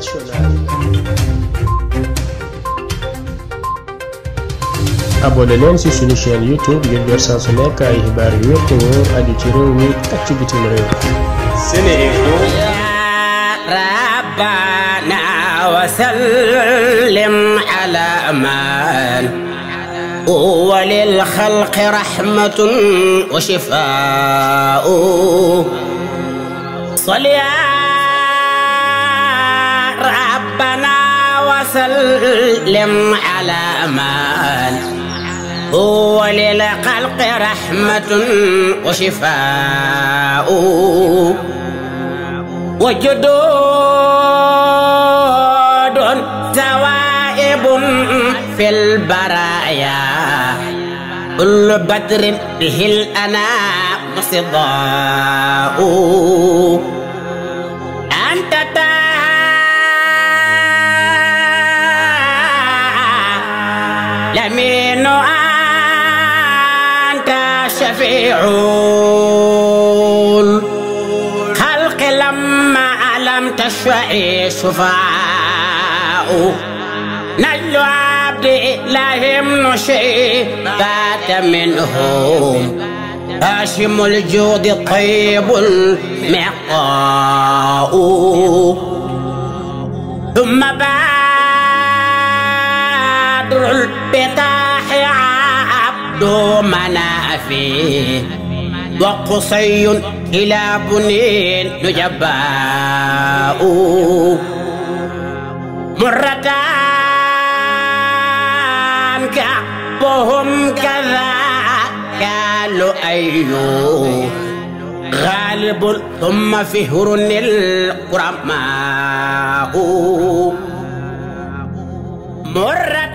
nationale. abonné leen ci suñu chaîne youtube ngir jot saa su nekk ay xibaar yu wér te wóor aju ci réew mi ak ci bitim réew. SeneInfo. rabbana wa sallim ala man huwa lil xalqi rahmatun wa shifaa'un وسلم على من هو للخلق رحمة وشفاء وجدود توائب في البرايا كل بدر به الأنام صداء مبدع الخلق لما ألم تشفع شفاء نجل عبد إلهم نشئ بات منهم هاشم الجود طيب المعقاء ثم بادر البطاح عبد منام في وقصي إلى بنين نجباء مرتان كعبهم كذا قالوا أيو غالب ثم فهر القرماء مرتان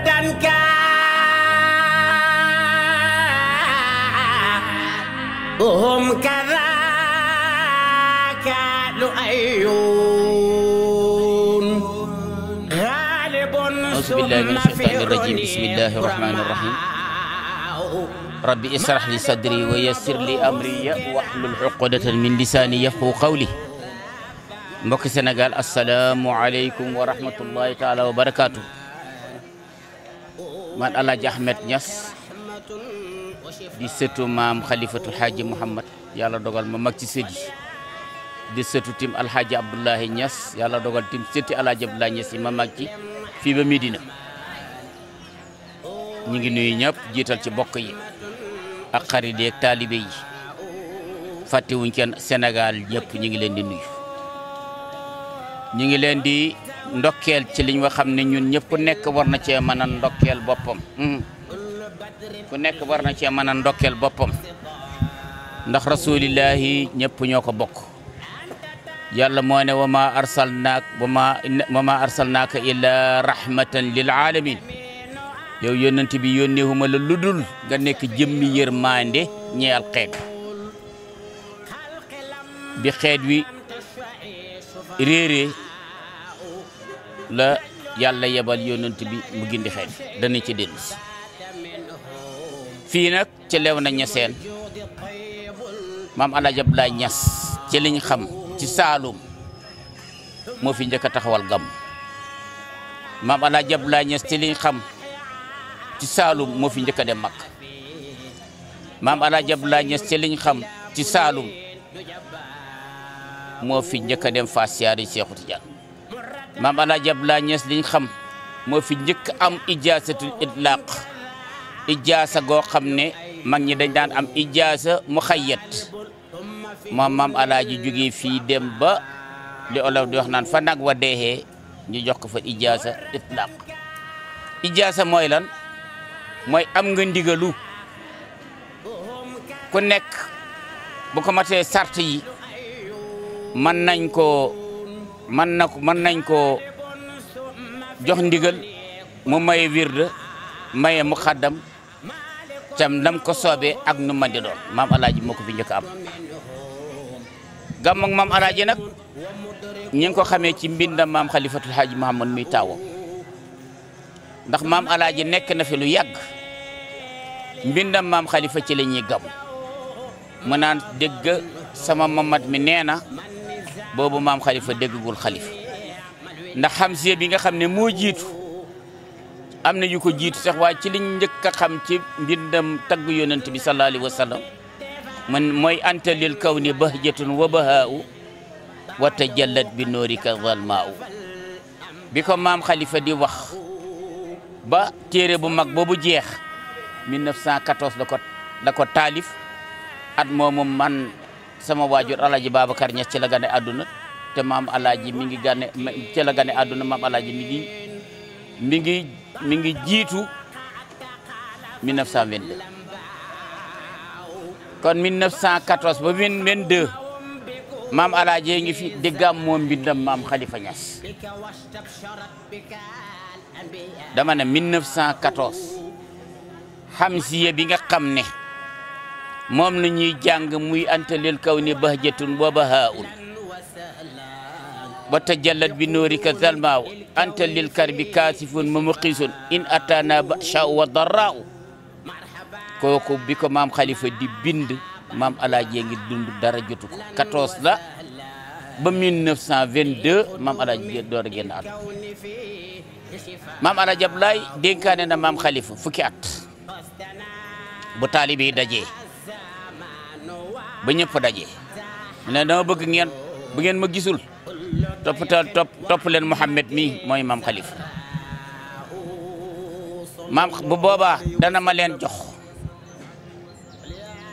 هم كذاك لؤيون غالب أعوذ بالله من الشيطان الرجيم بسم الله الرحمن الرحيم ربي اشرح لي صدري ويسر لي أمري واحلل عقدة من لساني يفقهوا قولي mbokki Sénégal asalaamualeykum wa rahmatullahi taala wa barakaatu man Alaaji Ahmed Niass di sëtu maam xalifatul xaaji Muhammad yàlla dogal ma mag ci sët yi di sëtu tim alxaaji Abdoulahi Niass yàlla dogal tim sëti alxaaji Abdoulahi Niass yi ma mag ci fii ba Medina ñu ngi nuyu ñëpp jiital ci bokk yi ak xarit yi ak taalibe yi fàttewuñ kenn Sénégal ñëpp ñu ngi leen di nuyu ñu ngi leen di ndokkeel ci liñ nga xam ne ñun ñëpp ku nekk war na cee mën a ndokkeel boppam. Hmm. ku nekk war na cee mën a boppam ndax rasulillahi ñëpp ñoo ko bokk yàlla moo ne wa ma arsalnaak wa ma arsalnaaka illa rahmatan lil alamin yow yónnent bi yónneewuma la ludul nga nekk jëmmi yërmande ñeel xeet bi xeet wi réeree la yàlla yebal yónnent bi mu gindi xeet dana ci dellusi fii nag ci Léona Niassène maam El Hadj Abdoulaye Niass ci liñ xam ci Saalum moo fi njëkk taxawal gàmm maam El Hadj Abdoulaye Niass ci liñ xam ci Saalum moo fi njëkk a dem Makka maam El Hadj Abdoulaye Niass ci liñ xam ci Saalum moo fi njëkk a dem Fass siyaari maam El Hadj Abdoulaye Niass liñ xam moo fi njëkk am ijaasatul itlaaq ijaasa goo xam ne mag ñi dañ daan am ijaasa mu xayyat moom maam alaaji jógee fii dem ba li olof di wax naan fa nag wa deexee ñu jox ko fa ijaasa itlaq ijaasa mooy lan mooy am nga ndigalu ku nekk bu ko matee sart yi mën nañ ko mën na mën nañ koo jox ndigal mu maye wirde maye muxaddam tam nam ko soobee ak nu man di doon maam alaaji moo ko fi njëkk am gàmm ak maam alaaji nag ñi ko xamee ci mbindam maam xalifatul haaji Muhammad muy taawo ndax maam alaaji nekk na fi lu yàgg mbindam maam xalifa ci la ñuy gàmm mu naan dégg sama mamat mi nee na boobu maam xalifa déggagul xalifa ndax xam si nga xam ne moo jiitu am na yu jiit jiitu sax waaye ci liñ njëkk a xam ci mbindam tagg yonent bi sallallahu alayhi mooy anta lil kaw ni bahjatun wa bahaa'u wa tajallat bi noorika zalmaa'u bi ko maam xalifa di wax ba téere bu mag boobu jeex 1914 la ko la ko taalif at moomu man sama waajur alaaji Babacar Niass ci la gane àdduna te maam alaaji mi ngi gane ci gane àdduna maam alaaji mi ngi mi ngi mi ngi jiitu 1922 kon 1914 ba 22 maam Alaaji ngi fi diggam moom mbindam maam Khalifa Niass dama ne 1914 xamsiye bi nga xam ne moom la ñuy jàng muy antalel kaw ni bahjatun wa bahaun wa tajallat bi nuurika zalmaaw anta lil karbi kaasifun mumqisun in atana bashau wa darraau kooku bi maam xalifa di bind maam alaaji ngi dund dara jotu ko 14 la ba 1922 maam alaaji door a na maam xalifa fukki at bu taalibe yi dajee ba ñëpp dajee mu ne dama bëgg ngeen bu ngeen ma gisul topp topp topp leen Mouhamed mi mooy maam xalifa maam bu boobaa dana ma leen jox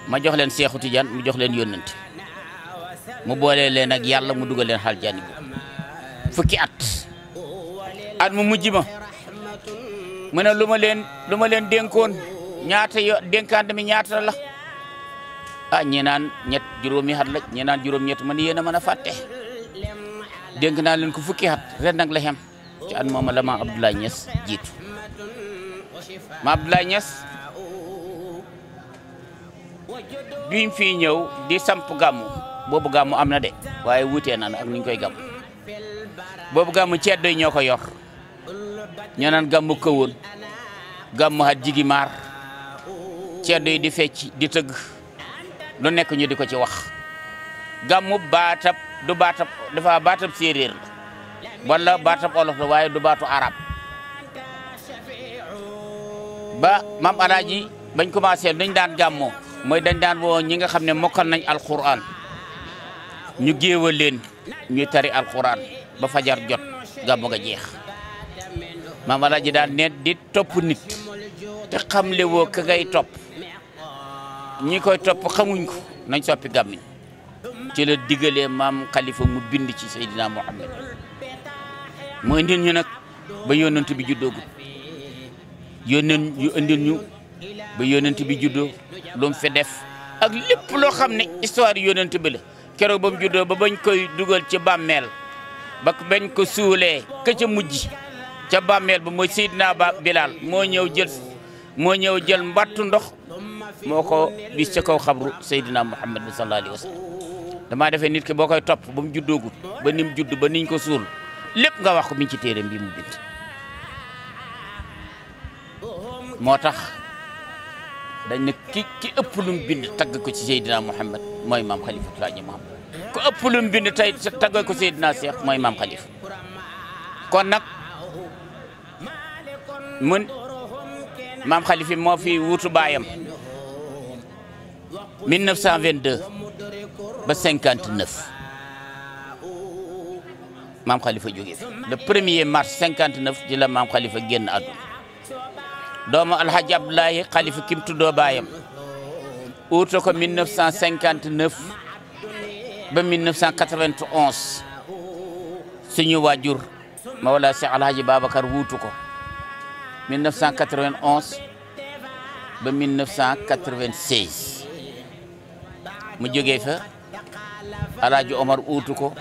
ma jox leen Seexu Tijaan mu jox leen yónnante mu boole leen ak yàlla mu dugal leen xal jaani fukki at at mu mujj ma mu ne lu ma leen lu ma leen dénkoon ñaata yo dénkaan mi ñaata la ah ñi naan ñett juróomi at la ñi naan juróom ma man yéen a mën a fàtte dénk naa leen ko fukki at ren nag la xem ci at mooma la ma Abdoulaye Niass jiitu ma Abdoulaye Niass fi ñëw di samp gàmmu boobu gàmmu am na de waaye wuutee na ak niñ koy gàmmu boobu gàmmu ceddo yi ñoo ko yor ñoo naan gàmmu këwoon gàmmu xat jigi maar ceddo di fecc di tëgg lu nekk ñu di ko ci wax gàmmu baatab du baatab dafa baatab séeréer la wala baatab olof la waaye du baatu arab ba mam alaaji bañ commencé dañ daan gàmmoo mooy dañ daan woo ñi nga xam ne mokkal nañ alquran ñu géewal leen ñuy tari alquran ba fajar jot gàmmu ga jeex mam alaaji daan ne di topp nit te xamle woo ka ngay topp ñi koy topp xamuñ ko nañ soppi gàmmiñ ci la digalee maam xalifa mu bind ci Seydina Muhammad mu indil ñu nag ba yonent bi juddoogut yónneen yu indil ñu ba yonent bi juddoo lu mu fi ak lépp loo xam ne histoire yonent bi keroog ba mu juddoo ba bañ koy dugal ci bàmmeel ba bañ ko suulee ka ca mujj ca bàmmeel ba mooy Seydina ba Bilal moo ñëw jël moo ñëw jël mbattu ndox moo ko bis ca kaw xabru Seydina Muhammad bi sallallahu wa sallam damaa defee nit ki boo koy topp ba mu juddoogut ba ni mu ba niñ ko suul lépp nga wax ko mi ci téereem bi mu bind moo tax dañ ne ki ki ëpp lu mu bind tagg ko ci Seydina Muhammad mooy maam Khalifa Tulaaji Muhammad ku ëpp lu mu bind tey tagg ko Seydina Cheikh mooy maam Khalifa kon nag mun maam Khalifa moo fi wuutu baayam 1922 ba cinquante neuf maam Khalifa fi le premier mars cinquante neuf ci a génn àdduna doomu Alhaji Abdoulaye Khalifa kim tuddoo baayam uute ko 1959 ba 1991 suñu waajur Mawla Cheikh Alhaji Babacar wuutu ko 1991 ba mu jógee fa. alaaji Omar uutu ko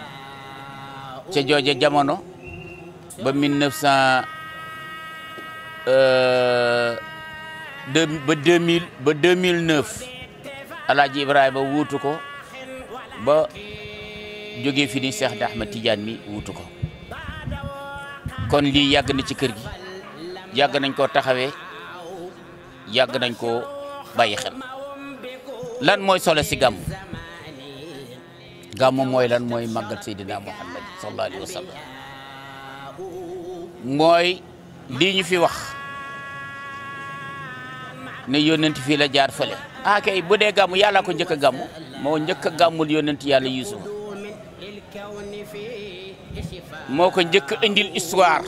ca jooje jamono ba 1900 euh, deux ba 2000 ba 2009 alaaji Ibrahima wuutu ko ba jógee fi ni Cheikh Ahmed Tidiane mi wuutu ko kon lii yàgg na ci kër gi yàgg nañ koo taxawee yàgg nañ koo bàyyi xel lan mooy sole si gàmm gàmmu mooy lan mooy màggal Seydina Muhammad sallallahu alayhi mooy lii ñu fi wax ne yónnent fii la jaar fële ah kay bu dee gàmmu yàllaa ko njëkk a moo njëkk a gàmmul yónnent yàlla Yuusufa moo ko njëkk a indil histoire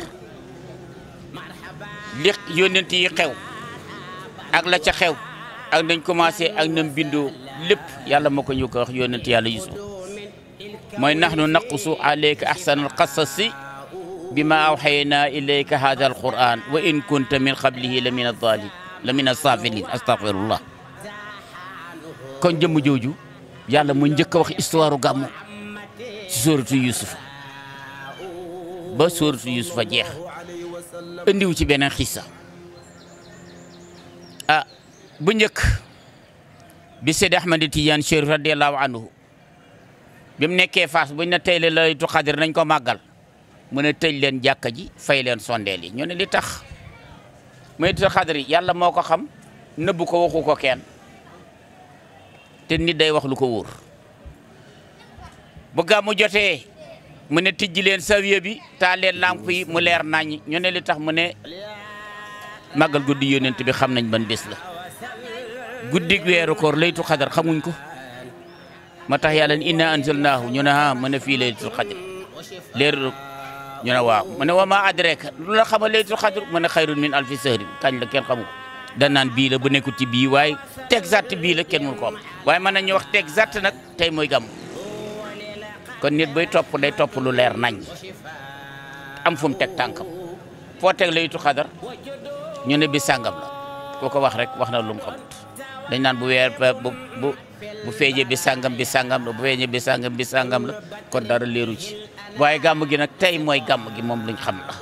li yónnent yi xew ak la ca xew ak nañ commencé ak nam bindoo lépp yàlla moo ko ñu ko wax yónnent yàlla Yuusufa mooy nahnu naqusu alayka ahsanal qasasi bima awxaynaa ilayka hada alquran wa in kunta min qablihi la min adaalin la min asaafilin astagfirullah kon jëmm jooju yàlla mu njëkk a wax histoire gàmmu ci sóoratu yusufa ba sóoratu yusufa jeex indiwu ci beneen xiisa ah bu njëkk bi Seydi Ahmad Tijaan Chérif radiyallahu anhu bi mu nekkee Fass buñ ne tey la laytu xadir nañ ko màggal mu ne tëj leen jàkka ji fay leen sondeel yi ñu ne li tax maytu xadir yi yàlla moo ko xam nëbb ko waxu ko kenn te nit day wax lu ko wóor bu gàmmu jotee mu ne tijji leen sawiya bi taal leen lamp yi mu leer nañ ñu ne li tax mu ne màggal guddi yonent bi xam nañ ban bés la guddig weeru koor laytu xadar xamuñ ko ma tax yàlla ne inna anzalnaahu ñu ne ah ma ne fii laylatul xadr leer ñu ne waaw ma a wa ma adreka lu la xamal laylatul xadr ma ne xayrun min alfi sahrin kañ la kenn xamu da naan bii la bu nekkul ci bii waaye exact bii la kenn mënu ko am waaye mën nañu wax exact nag tey mooy gàmm kon nit bay topp day topp lu leer nañ am fu teg tànkam foo teg laylatul xadr ñu ne bi sàngam la koo ko wax rek wax na lu mu xamut dañ naan bu weer bu bu feeñee bi sàngam bi sàngam la bu feeñee bi sàngam bi sàngam la kon dara leeru ci waaye gàmm gi nag tey mooy gàmm gi moom lañ xam la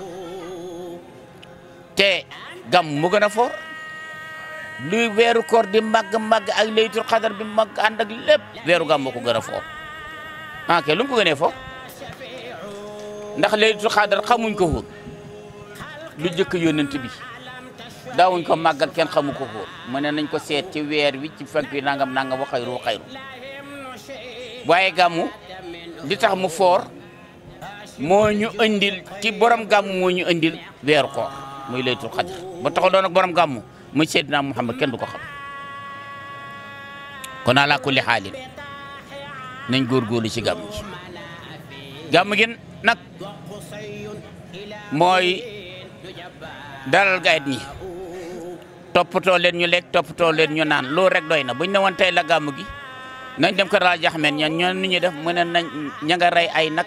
te gàmm mu gën a foor luy weeru koor di màgg màgg ak laytul xadar bi màgg ànd ak lépp weeru gàmm moo ko gën a foor ok ah, lu mu ko gënee foor ndax laytul xadar xamuñ ko woon lu njëkk yónnent bi daawuñ ko màggal kenn xamu ko ko mu ne nañ ko seet ci weer wi ci nangam nangam wa xayru waaye gàmmu li tax mu foor moo ñu andil ci borom gàmmu moo ñu andil weer ko muy laytul xadr ba taxaw doon ak borom gàmmu muy Seydina Muhammad kenn du ko xam kon ala kulli xaalin nañ góorgóorlu ci gàmmu gi gàmmu gi nag mooy dalal gayet ñi toppatoo leen ñu lekk toppatoo leen ñu naan loolu rek doy na buñ ne woon tey la gàmm gi nañ dem ko rajo Axmed ñoom ñoo nu ñuy def mu ne ña nga rey ay nag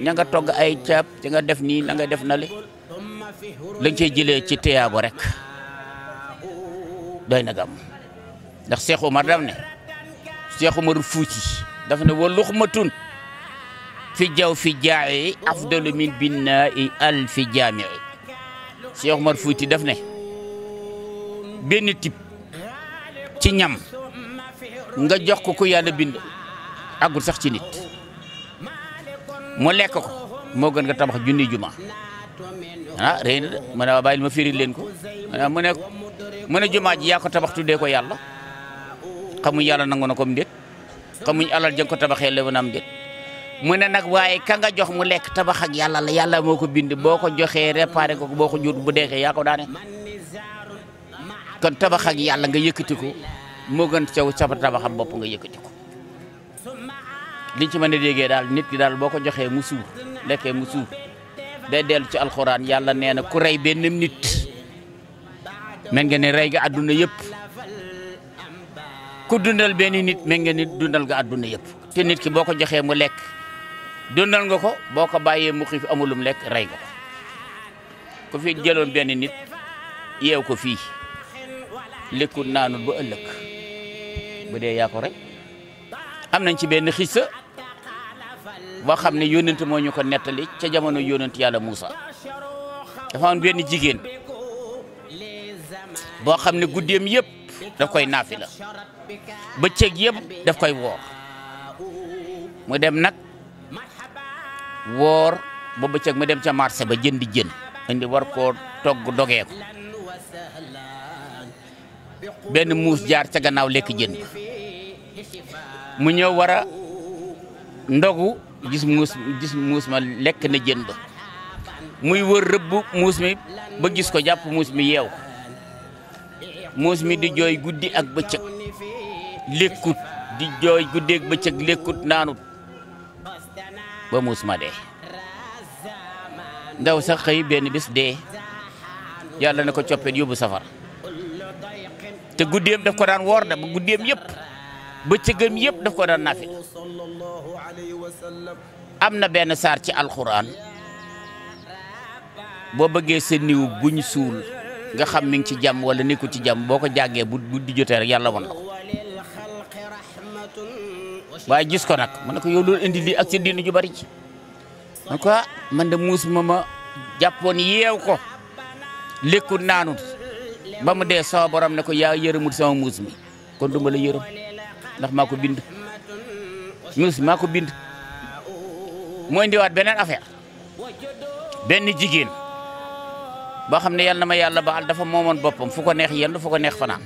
ña nga togg ay caab ña nga def nii na nga def na li lañ cey jëlee ci téyaabo rek doy na gàmm ndax Cheikh Oumar daf ne Cheikh Oumar Fuuti daf ne wa luxmatun fi jaw fi jaayi afdalu min binna i al fi jaamii Cheikh Oumar Fuuti daf ne benn tib ci ñam nga jox ko ku yàlla bind àggul sax ci nit mu lekk ko moo gën nga tabax junni juma ah rëy de mu ne waa ma firil leen ko ah, mu ne mu ne jumaa ji yaa ko tu dee ko yàlla xamuñ yàlla nangu na ko mu déet xamuñ alal jëng ko tabaxee lewu na am déet mu ne nag waaye ka nga jox mu lekk tabax ak yàlla la yàlla moo ko bind boo ko joxee réparé ko boo ko jur bu deexee yaa ko daane kon tabax ak yàlla nga yëkkati ko moo gën caw ca tabaxa bopp nga yëkkatiko ko liñ ci mën a déggee daal nit ki daal boo ko joxee mu suur lekkee mu suur day dellu ci alxuraan yàlla nee na ku rey benn nit mel nga ne rey ga àdduna yëpp ku dundal benn nit mel nga dundal nga àdduna yëpp te nit ki boo ko joxee mu lekk dundal nga ko boo ko bàyyee mu xiif amulum lekk rey nga ko ku fi jëloon benn nit yeew ko fii lekkul naanul ba ëllëg bu dee yaa rek am nañ ci benn xissa boo xam ne yónent moo ñu ko nettali ca jamono yónent yàlla musa dafa benn jigéen boo xam ne guddeem yëpp daf koy naafi ba bëccëg yëpp daf koy woor mu dem nag woor ba bëccëg mu dem ca marché ba jëndi jën indi war ko togg dogee benn muus jaar ca gannaaw lekk jën mu ñëw war a ndogu gis muus gis muus ma lekk na jën ba muy wër rëbb muus mi ba gis ko jàpp muus mi yeew muus mi di jooy guddi ak bëccëg lekkut di jooy guddi ak bëccëg lekkut naanut ba muus ma dee ndaw sa xëy benn bés dee yàlla na ko coppet yóbbu safar te guddeem daf ko daan woor na ba guddeem yëpp bëccëgam yëpp daf ko daan naafila am na benn saar ci alxuraan boo bëggee sa niw guñ suul nga xam mi ngi ci jàmm walla nekku ci jàmm boo ko jàngee bu guddi jotee rek yàlla woon na ko gis ko nag mu ne ko yow loolu indi lii ak sa diinu ju bari ci ah, man ko muus ma ma jàppoon yeew ko lekkul naanut ba mu dee sama borom ne ko yaa yërëmul sama muus mi kon du ma la yërëm ndax maa ko bind muus maa ko bind mooy ndiwaat beneen affaire benn jigéen boo xam ne yàlla na ma yàlla baal dafa moomoon boppam fu ko neex yendu fu ko neex fanaan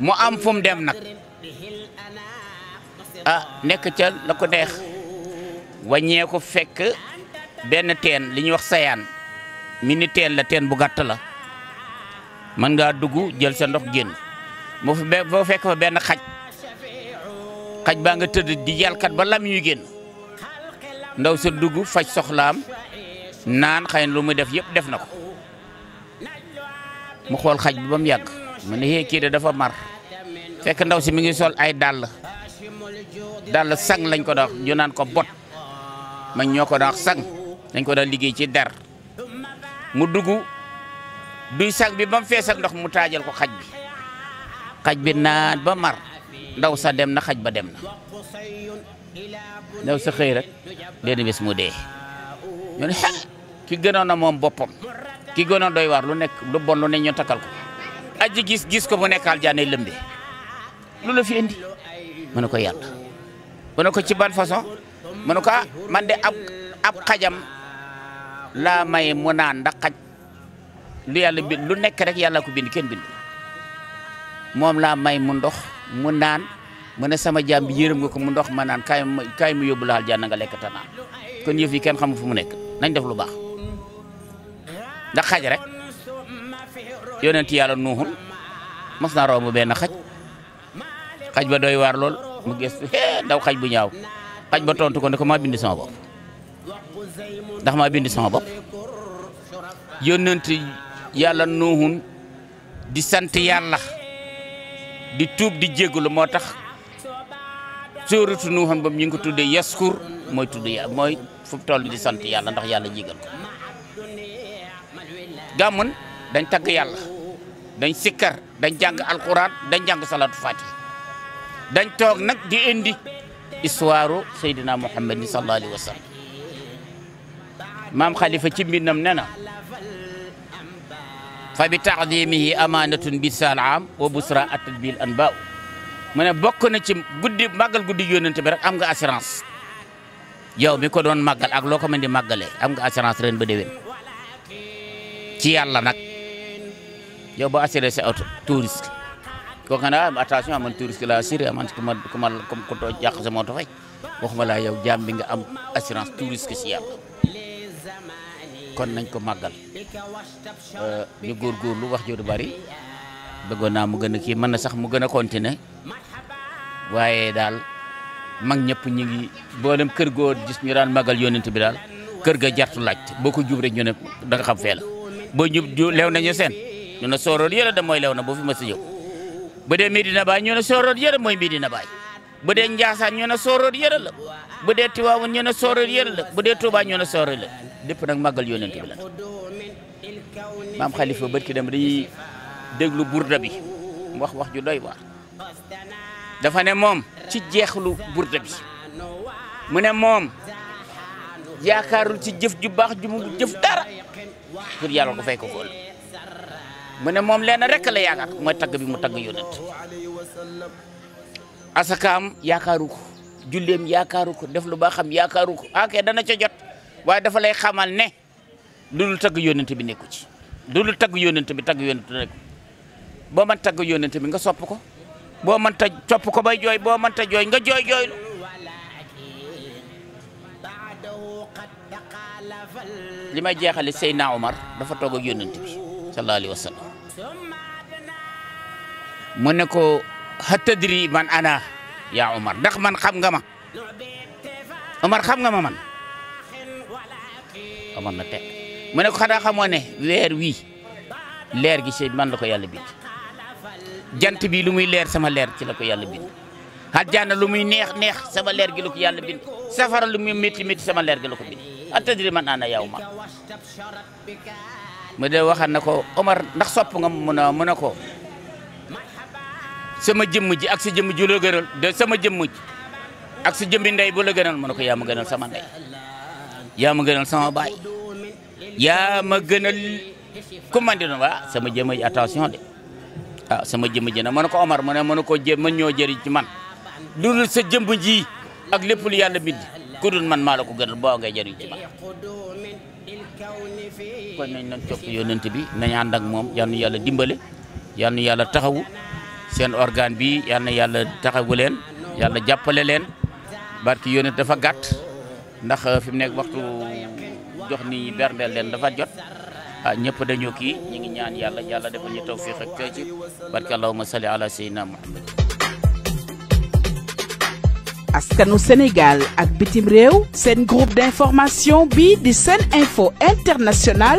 mu am fu dem nag ah nekk ca la ko neex waññee ko fekk benn teen li ñuy wax sayaan mi ni teen la teen bu gàtt la mën ngaa dugg jël sa ndox génn moo fa boo fekk fa benn xaj xaj baa nga tëdd di jalkat ba lam yu génn ndaw sa dugg faj soxlaam naan xëy na lu mu def yëpp def na ko mu xool xaj bi ba mu yàgg mu ne hee kii de dafa mar fekk ndaw si mi ngi sol ay dàll dàll sang lañ ko dox ñu naan ko bot man ñoo ko dox sang dañ ko doon liggéey ci der mu dugg. duy bi ba mu fees ndox mu taajal ko xaj bi xaj bi naan ba mar ndaw sa dem na xaj ba dem na ndaw sa xëy rek benn mu dee ñu ne ah, ki gënoon moom boppam ki gënoon doy waar lu nekk lu bon lu ne ñu takkal ko aji gis gis ko mu nekk aljaane lëmbe lu la fi indi mu ne ko yàlla ci ban façon mu ah, man de ab ab xajam laa may mu naan ndax xaj lu yàlla bind lu nekk rek yàlla ko bind kenn bind moom laa may mu ndox mu naan mu ne sama jaam bi yërëm nga ko mu ndox ma naan kaay kaay mu yóbbu laal jànn nga lekk te naan kon yëf kenn xamul fu mu nekk nañ def lu baax ndax xaj rek yonent yàlla nuuxul mos mu romb benn xaj xaj ba doy waar lool mu gëstu ndaw xaj bu ñaaw xaj ba tontu ko ne ko ma bind sama bopp ndax maa bind sama bopp yonent yàlla nuuhun di sant yàlla di tuub di jégalu moo tax sóoratu nuuhan ba ñu ngi ko tuddee yaskur mooy tudd yàlla mooy fu toll di sant yàlla ndax yàlla jégal ko gàmmun dañ tagg yàlla dañ sikkar dañ jàng alxuraan dañ jàng salaatu faati dañ toog nag di indi histoire Seydina Muhammad sallallahu alayhi wa maam Khalifa ci mbindam nee na fa bi taxdimihi amaanatun bi salaam wa busra a anbaaw mu ne bokk na ci guddi màggal guddi yónnante bi rek am nga assurance yow mi ko doon màggal ak loo ko di màggalee am nga assurance ren ba déwén ci yàlla nag yow ba assuré sa auto touriste koo xam ne ah la assuré man ku ma ku ma ku ma yàq sama oto laa yow jaam bi nga am assurance touriste ci yàlla. kon nañ ko màggal euh, ñu góorgóorlu wax ju du bari bëggoon naa mu gën a kii mën na sax mu gën a continuer waaye daal mag ñëpp ñi ngi boolem kër goo gis ñu daan maggal yonent bi daal kër ga jartu laaj boo ko jub rek ñu ne danga xam fee la boo jub lew nañu seen ñu ne sooroon yële da mooy lew na boo fi mës a jóg bu dee Medina Baye ñu ne sooroon yële mooy Medina Baye bu dee Njaasaan ñu ne sooroor yëre la bu dee Tiwaawan ñu ne sooroor yëre la bu dee Tuubaa ñu ne sooroor la lépp nag màggal yonent bi la maam xalifa bët ki dem dañuy déglu burda bi mu wax wax ju doy waar dafa ne moom ci jeexlu burda bi mu ne moom yaakaarul ci jëf ju baax ju mu jëf dara pour yàlla ko fay ko góol mu ne moom lenn rek la yaakaar mooy tagg bi mu tagg yonent asakaam yaakaaru ko julleem yaakaaru ko def lu baax xam yaakaaru ko ah, dana ca jot waaye dafa lay xamal ne lu dul tagg yónent bi nekku ci lu dul tagg yónent bi tagg yónent rek boo mën tagg yónent bi nga sopp ko boo mën ta sopp ko bay jooy boo mën jooy nga jooy jooy li may jeexale Seyna Omar dafa toog ak yónent bi sallallahu alayhi wa ne ko xa tadri man ana yaa Omar ndax man xam nga ma Omar xam nga ma man Omar na teg mu ne ko xanaa xamoo ne weer wii leer gi ci man la ko yàlla bind jant bi lu muy leer sama leer ci la ko yàlla bind àjjana lu muy neex neex sama leer gi la ko yàlla bind safara lu muy métti sama leer gi la ko bind a tadri man ana yaa Omar mu de na ko Omar ndax sopp nga mu ne ne ko sama jëmm ji ak sa jëmm ji la sama jëmm ji ndey bu la gënal ma ne ko yaa ma gënal sama ndey yaa ma gënal sama baay yaa ma gënal ku man waa sama jëmm ji attention de waaw ah, sama jëmm ji nag na ne ko Omar ma ne ma ne koo jë mën ñoo jëriñ ci man lu dul ji ak lépp lu yàlla bind ku dul man maa la ko gënal boo ngay jëriñ ci man. kon nañ nan topp yonent bi nañ ànd moom yal na yàlla dimbale yal na yàlla taxawu. seen organe bi yal yàlla taxagu leen yàlla jàppale leen barki yónent dafa gàtt ndax uh, fi mu nekk waxtu jox ni berndeel leen dafa jot ah ñëpp dañoo kii ñi ngi ñaan yàlla yàlla defal ñu tawfiq ak cooci barki allahumma salli ala sayyidina muhammad askanu Sénégal ak bitim réew seen groupe d'information bi di seen info international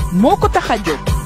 moo ko tax a jóg